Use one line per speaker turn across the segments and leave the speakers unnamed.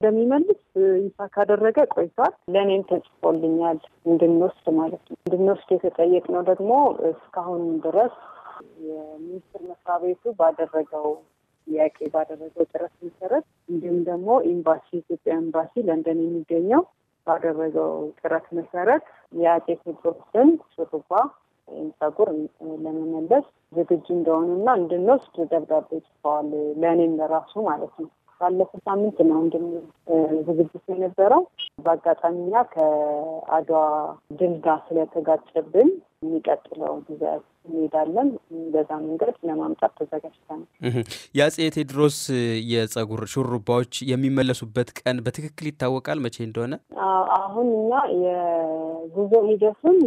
እንደሚመልስ ይፋ ካደረገ ቆይቷል። ለእኔም ተጽፎልኛል እንድንወስድ ማለት ነው። እንድንወስድ የተጠየቅነው ደግሞ እስካሁን ድረስ የሚኒስቴር መስሪያ ቤቱ ባደረገው ጥያቄ ባደረገው ጥረት መሰረት እንዲሁም ደግሞ ኤምባሲ ኢትዮጵያ ኤምባሲ ለንደን የሚገኘው ባደረገው ጥረት መሰረት የአጤ ቴዎድሮስን ሹሩባ ወይም ጸጉር ለመመለስ ዝግጁ እንደሆኑና እንድንወስድ ደብዳቤ ጽፈዋል። ለእኔም ለራሱ ማለት ነው። ባለፈው ሳምንት ነው እንድም ዝግጅት የነበረው በአጋጣሚና ከአድዋ ድል ጋር ስለተጋጨብን የሚቀጥለው ጊዜያት እንሄዳለን። በዛ መንገድ ለማምጣት ተዘጋጅተናል።
የአጼ ቴዎድሮስ የጸጉር ሹሩባዎች የሚመለሱበት ቀን በትክክል ይታወቃል መቼ እንደሆነ?
አሁን እኛ የጉዞ ሂደቱን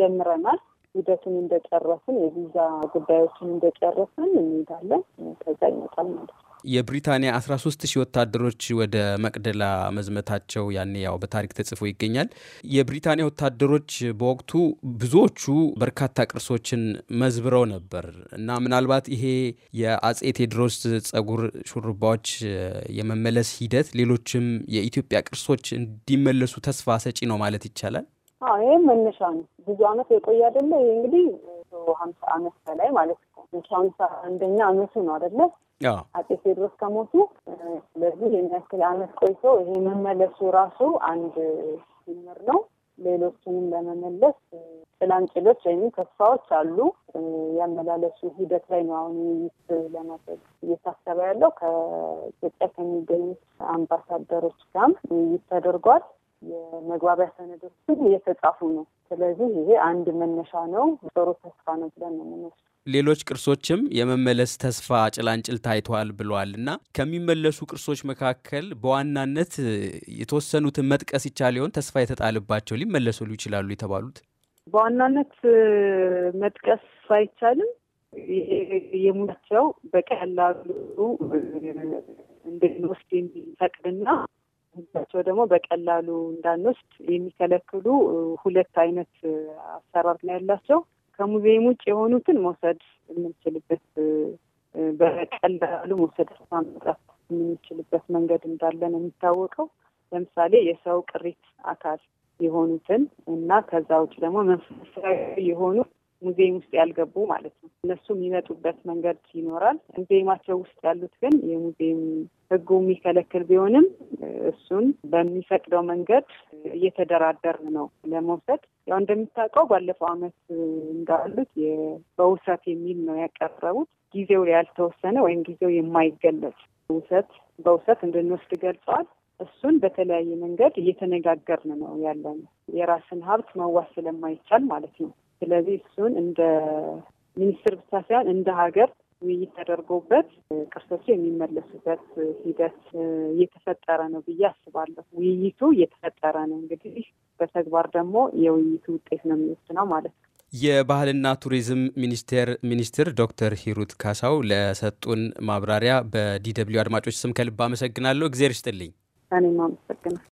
ጀምረናል። ሂደቱን እንደጨረስን የቪዛ ጉዳዮችን እንደጨረስን እንሄዳለን። ከዛ ይመጣል ማለት ነው።
የብሪታንያ 13 ሺህ ወታደሮች ወደ መቅደላ መዝመታቸው ያኔ ያው በታሪክ ተጽፎ ይገኛል። የብሪታንያ ወታደሮች በወቅቱ ብዙዎቹ በርካታ ቅርሶችን መዝብረው ነበር እና ምናልባት ይሄ የአጼ ቴዎድሮስ ጸጉር ሹርባዎች የመመለስ ሂደት ሌሎችም የኢትዮጵያ ቅርሶች እንዲመለሱ ተስፋ ሰጪ ነው ማለት ይቻላል።
ይህም መነሻ ነው። ብዙ አመት የቆየ አይደለ ይህ እንግዲህ ሀምሳ አመት በላይ ማለት ነው። ሀምሳ አንደኛ አመቱ ነው አደለ አጼ ቴዎድሮስ ከሞቱ። ስለዚህ የሚያክል አመት ቆይቶ ይሄ መመለሱ ራሱ አንድ ምር ነው። ሌሎችንም ለመመለስ ጭላንጭሎች ወይም ተስፋዎች አሉ። ያመላለሱ ሂደት ላይ ነው አሁን ውይይት ለማድረግ እየታሰበ ያለው። ከኢትዮጵያ ከሚገኙት አምባሳደሮች ጋርም ውይይት ተደርጓል። የመግባቢያ ሰነዶች ሁሉ እየተጻፉ ነው። ስለዚህ ይሄ አንድ መነሻ ነው፣ ጥሩ ተስፋ ነው ብለን ነው የምንወስደው።
ሌሎች ቅርሶችም የመመለስ ተስፋ ጭላንጭል ታይተዋል ብለዋል እና ከሚመለሱ ቅርሶች መካከል በዋናነት የተወሰኑትን መጥቀስ ይቻል ይሆን? ተስፋ የተጣለባቸው ሊመለሱ ይችላሉ የተባሉት
በዋናነት መጥቀስ አይቻልም። የሙናቸው በቀላሉ እንድንወስድ የሚፈቅድና ቸው ደግሞ በቀላሉ እንዳንወስድ የሚከለክሉ ሁለት አይነት አሰራር ነው ያላቸው። ከሙዚየም ውጭ የሆኑትን መውሰድ የምንችልበት በቀላሉ መውሰድ ማምጣት የምንችልበት መንገድ እንዳለ ነው የሚታወቀው። ለምሳሌ የሰው ቅሪት አካል የሆኑትን እና ከዛ ውጭ ደግሞ መንፈሳዊ የሆኑ ሙዚየም ውስጥ ያልገቡ ማለት ነው። እነሱ የሚመጡበት መንገድ ይኖራል። ሙዚየማቸው ውስጥ ያሉት ግን የሙዚየም ሕጉ የሚከለክል ቢሆንም እሱን በሚፈቅደው መንገድ እየተደራደርን ነው ለመውሰድ። ያው እንደምታውቀው ባለፈው ዓመት እንዳሉት በውሰት የሚል ነው ያቀረቡት። ጊዜው ያልተወሰነ ወይም ጊዜው የማይገለጽ ውሰት በውሰት እንድንወስድ ገልጸዋል። እሱን በተለያየ መንገድ እየተነጋገርን ነው ያለን የራስን ሀብት መዋስ ስለማይቻል ማለት ነው። ስለዚህ እሱን እንደ ሚኒስትር ብቻ ሳይሆን እንደ ሀገር ውይይት ተደርጎበት ቅርሶቹ የሚመለሱበት ሂደት እየተፈጠረ ነው ብዬ አስባለሁ። ውይይቱ እየተፈጠረ ነው። እንግዲህ በተግባር ደግሞ የውይይቱ ውጤት ነው የሚወስነው ማለት ነው።
የባህልና ቱሪዝም ሚኒስቴር ሚኒስትር ዶክተር ሂሩት ካሳው ለሰጡን ማብራሪያ በዲደብሊው አድማጮች ስም ከልብ አመሰግናለሁ። እግዜር ይስጥልኝ።
እኔም አመሰግናለሁ።